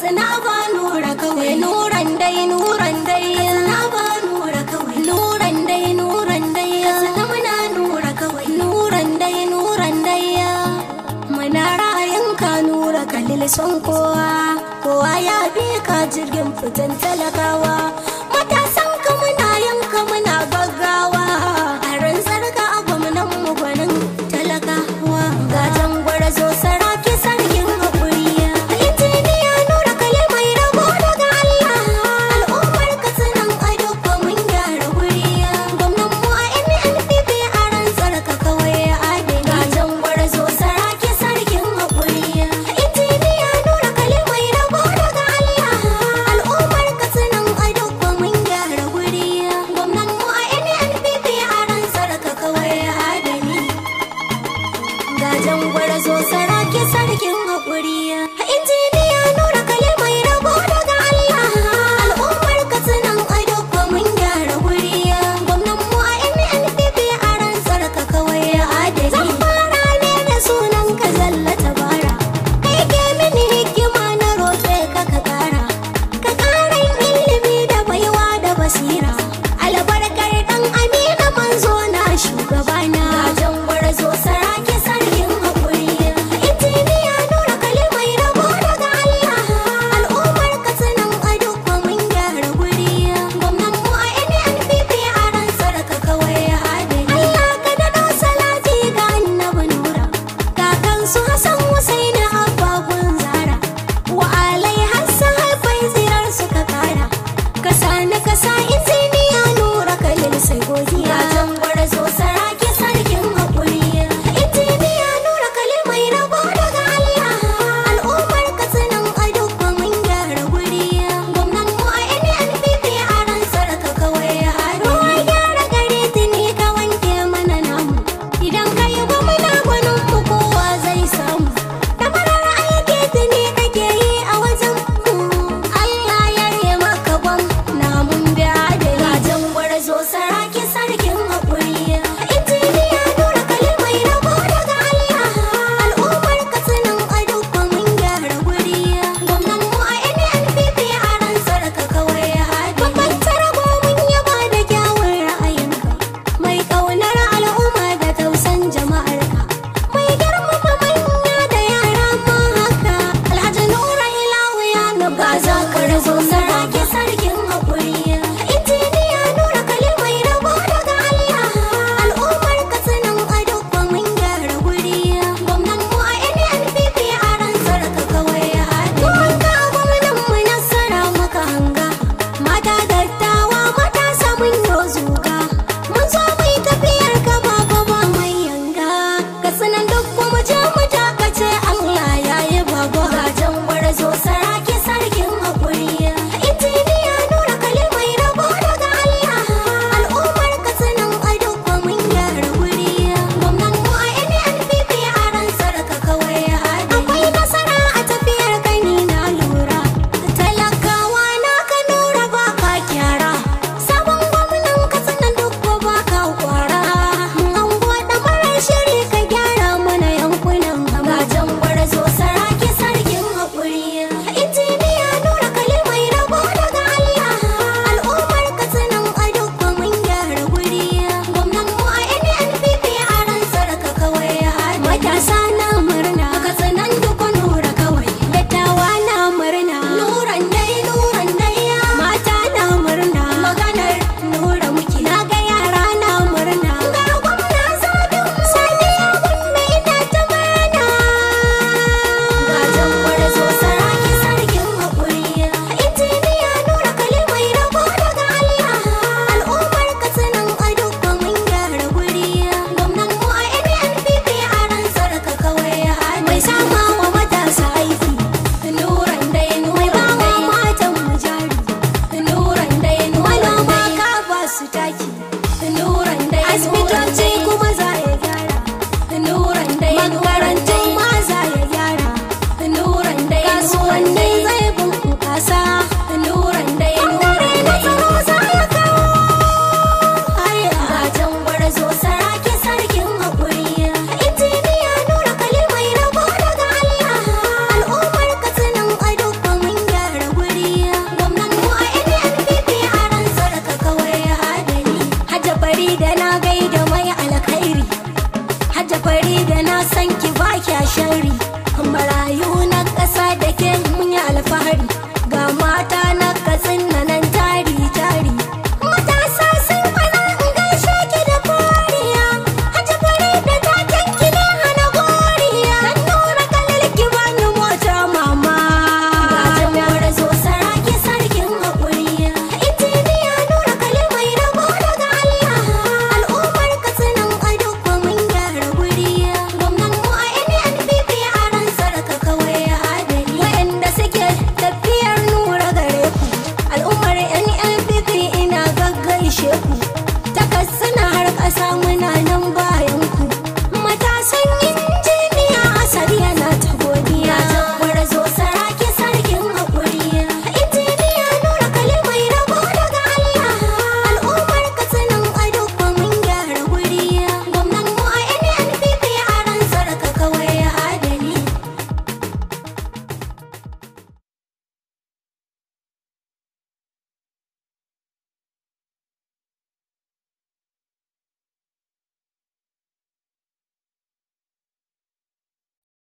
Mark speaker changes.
Speaker 1: suna ba nura kawai nuran dai nuran dai suna ba nura kawai nuran dai nuran dai suna muna nura kawai nuran dai nuran dai muna ra'ayin ka nura kalil son kowa kowa ya bi ka jirgin fitan talakawa matasa